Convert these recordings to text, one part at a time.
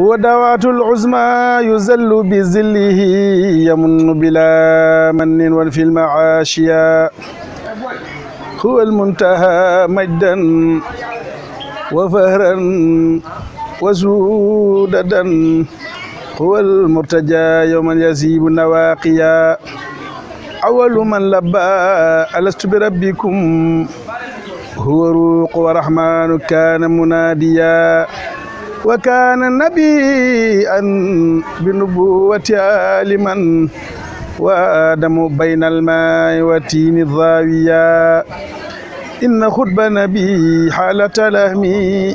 هو دعوات العزمى يزل بزله يمن بلا من وفي المعاشيا هو المنتهى مجدا وفهرا وزوددا هو المرتجى يوما يزيب النواقيا أول من لبى ألست بربكم هو روق ورحمن كان مناديا وكان نبيا بنبوة عالما وآدم بين الماء وتين الضاوية إن خطب نبي حالة لهمي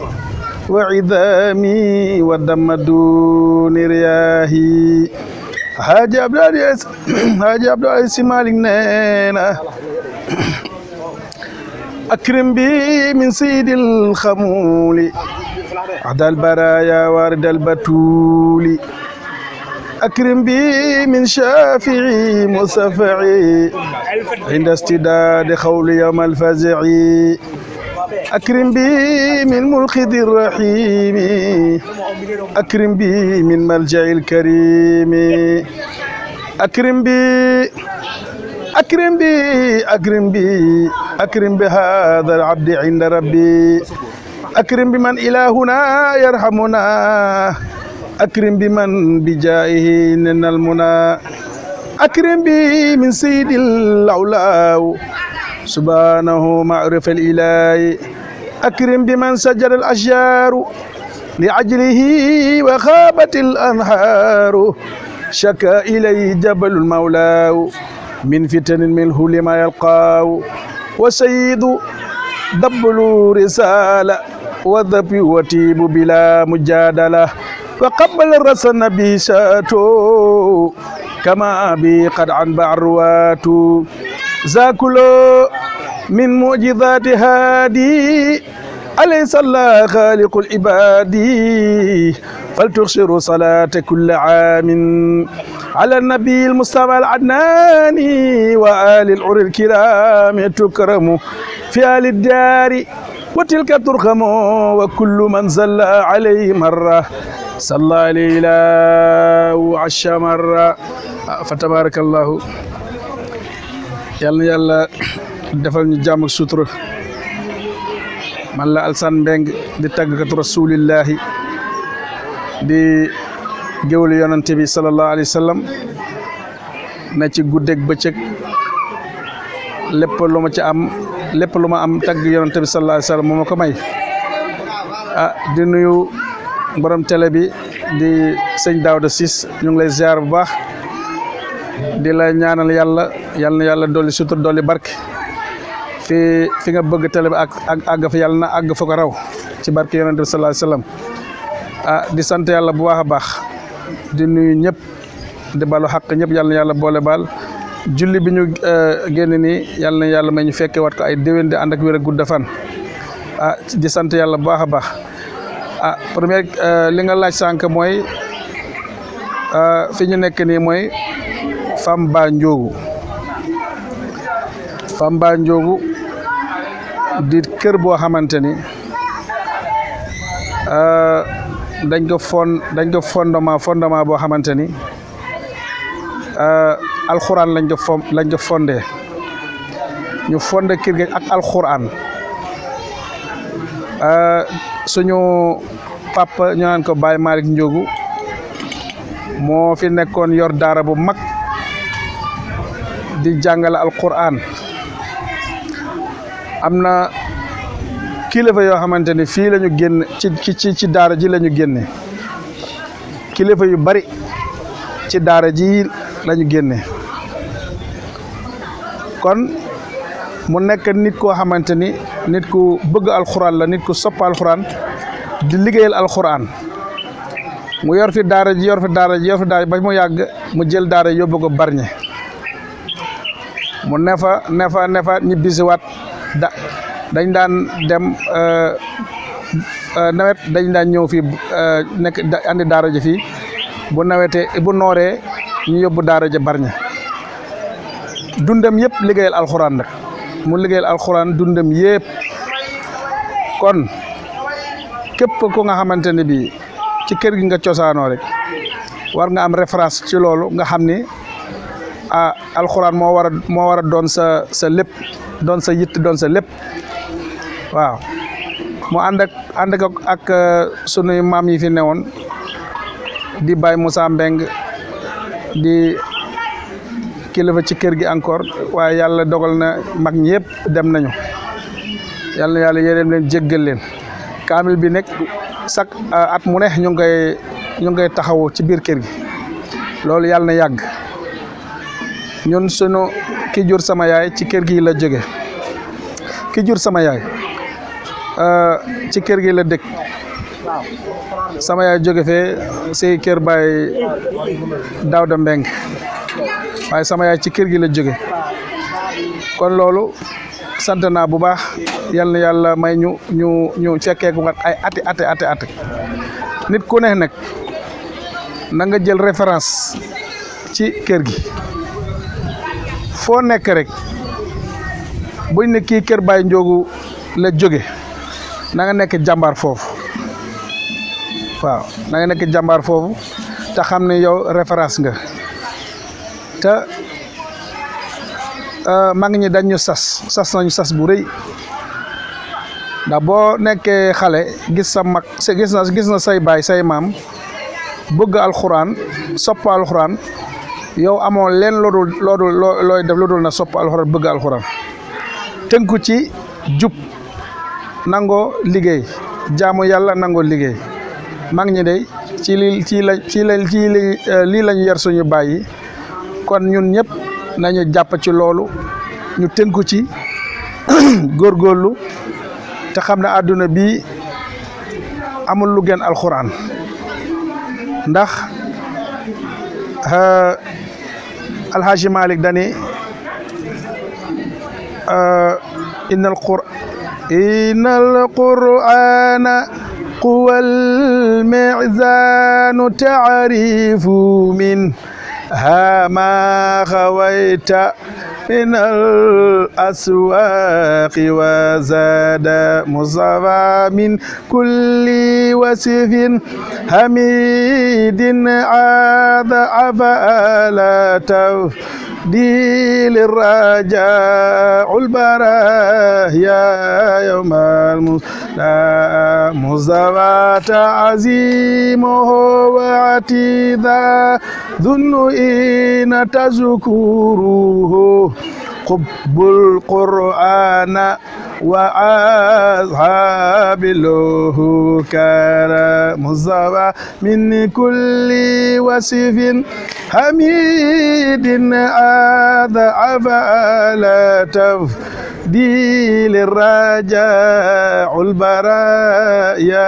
وعظامي والدم دون رياهي حاجي عبد العزيز حاجي عبد العزيز مالك نينا أكرم بي من سيد الخمول أحد البرايا ورد البتول أكرم بي من شافعي مصفعي عند استداد خول يوم الفزع أكرم بي من ملخذ الرحيم أكرم بي من ملجأ الكريم أكرم بي أكرم بي أكرم بي أكرم بهذا العبد عند ربي أكرم بمن إلهنا يرحمنا أكرم بمن بجائه لنا المنى أكرم به من سيد الأولاء سبحانه معرف الإله أكرم بمن سجر الأشجار لعجله وخابت الأنهار شكا إليه جبل المولى من فتن منه لما يلقاه وسيد دبل رسالة وذبي وتيب بلا مجادلة وقبل الرسن بشاتو كما أبي قد عن بعروات زاكلو من معجزات هادي أليس الله خالق العباد فلتخشر صلاة كل عام على النبي المصطفى العدناني وآل العر الكرام تكرم في آل الدار وتلك ترخم وكل من زل عليه مرة صلى عليه لا وعش مرة فتبارك الله yàlla na yàlla defal ñu jàmm ak sutura man la Alassane Mbengue di tàggkatu rasulillahi di géwlu yonante bi sallallahu wa sallam na ci guddeeg bëccëg lépp lu ma ci am lepp luma am tagg yonante bi sallallahu Alaihi Wasallam sallam ko may ah di nuyu borom tele bi di seigne Daouda sis, ñu ngi lay ziar bu baax di la ñaanal yalla yalla yalla doli sutur doli barke fi fi nga bëgg tele bi ak ag fa yalla na ag fa ko raw ci barke yonante bi sallallahu Alaihi Wasallam. ah di sante yalla bu baax baax di nuyu ñëpp di balu xàq ñëpp yalla yalla boole julli biñu eh, genn ni yalla na yalla mañu fekke wat ko ay dewende di ak gudda fan ah di sante yalla bu baax baax ah premier eh, li nga laaj sànq mooy eh, fi ñu nekk nii mooy Famba Ndiogu Famba Ndiogu di kër bo xamanteni ah dañ ko fon dañ ko fondement fondement bo xamanteni alquran lañ def lañ def fondé ñu fondé kër gi ak euh suñu papa ñu naan ko Baye malik Ndiogu mo fi nekkon yor dara bu mag di jangal alquran amna kilifa yo xamanteni fi lañu genn ci ci ci dara ji lañu genné kilifa yu bari ci dara ji lañu genné kon mu nek nit ko xamanteni ni nit ku bëgg alquran la nit ku sopp alquran di liggéeyal alquran mu yor fi daara ji yor fi daara ji yor fi daara ba mu yagg mu jël daara yobbu ko barñe mu nefa nefa nefa ñi wat da dañ daan dem euh, euh, nawet dañ daan ñëw euh nekk andi daara ji fii bu nawete bu noré ñu yobbu daara ji barñe dundam yep ligéyal alcorane nak mu ligéyal alcorane dundam yep kon kep ko nga xamanteni bi ci kër gi nga ciosano rek war nga am référence ci lolu nga xamni ni ah war a war sa sa lepp don sa yitt don sa lepp waaw mu andak andak ak euh, sunu mam yi fi newon di bay Moussa Mbeng di kilifa ci kër gi encore waaye yàlla dogal na mag ñëpp dem nañu yàlla yàlla yërëm leen jéggal leen kaamil bi nekk chaque euh, at mu ne ñu ngi koy ñu koy taxawoo ci biir kër gi loolu yàlla na yàgg ñun sunu ki jur sama yaay ci kër gi la jóge ki jur sama yaay euh, ci kër gi la dëkk sama yaay jóge fee si kër baay Daawda Mbeng waaye sama yaay ci kër gi la jóge kon loolu sant naa bu baax yal na yàlla may ñu ñu ñu fekkeeku nga ay ati ati ati ati nit ku ne nag na nga jël référence ci kër gi foo nekk rek buñ ne kii kër Baye Ndiogu la jóge nanga nekk jàmbaar foofu waaw na nekk jàmbaar foofu te xam ne yow référence nga te mag ñi dañ ñu sas sas nañu sas bu rëy ndax boo nekkee xale gis sa mag gis na gis na say baay say maam bëgg alxuraan sopp alxuraan yow amoo leen loodul loodul looy def loodul na sopp alxuraan bëgg alxuraan tënku ci jub nangoo liggéey jaamu yàlla nangoo liggéey mag ñi day ci li ci eh, lii lañu yar suñu baay yi kon ñun ñep nañu japp ci loolu ñu tënku ci góorgóorlu te al ne àdduna bi amul lu gën alquran ndax euh, alhaji malik dani euh, inna alqur inna alqur'ana quwal mi'zanu ta'rifu min ها ما غويت من الأسواق وزاد مصطفى من كل وصف حميد عاد عفا لا تفدي للرجاع البراه يا يوم المصطفى لا عزيم هو عتيدا ذن إن تذكروه قب القرآن له كرم الزوى من كل وصف حميد هذا لا تفهم دي للرجاء البرايا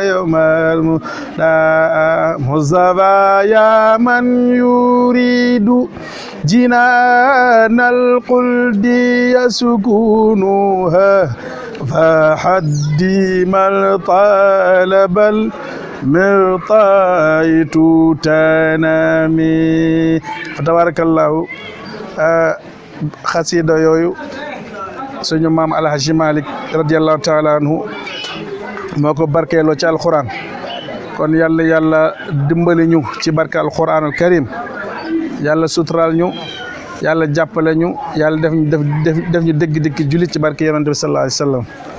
يوم المنى مزبا يا من يريد جنان القلد يسكنها فحدي ما طالب المرطايت تنامي فتبارك الله آه، خسيد يويو suñu maam alhaji malik radiallahu taala anhu moo ko barkeeloo ci alquran kon yàlla yàlla dimbali ñu ci barke alquranul karim yàlla suturaal ñu yàlla jàppale ñu yàlla def ñu def def ñu dégg-dégg jullit ci barke yonente bi sallallahu alayhi wa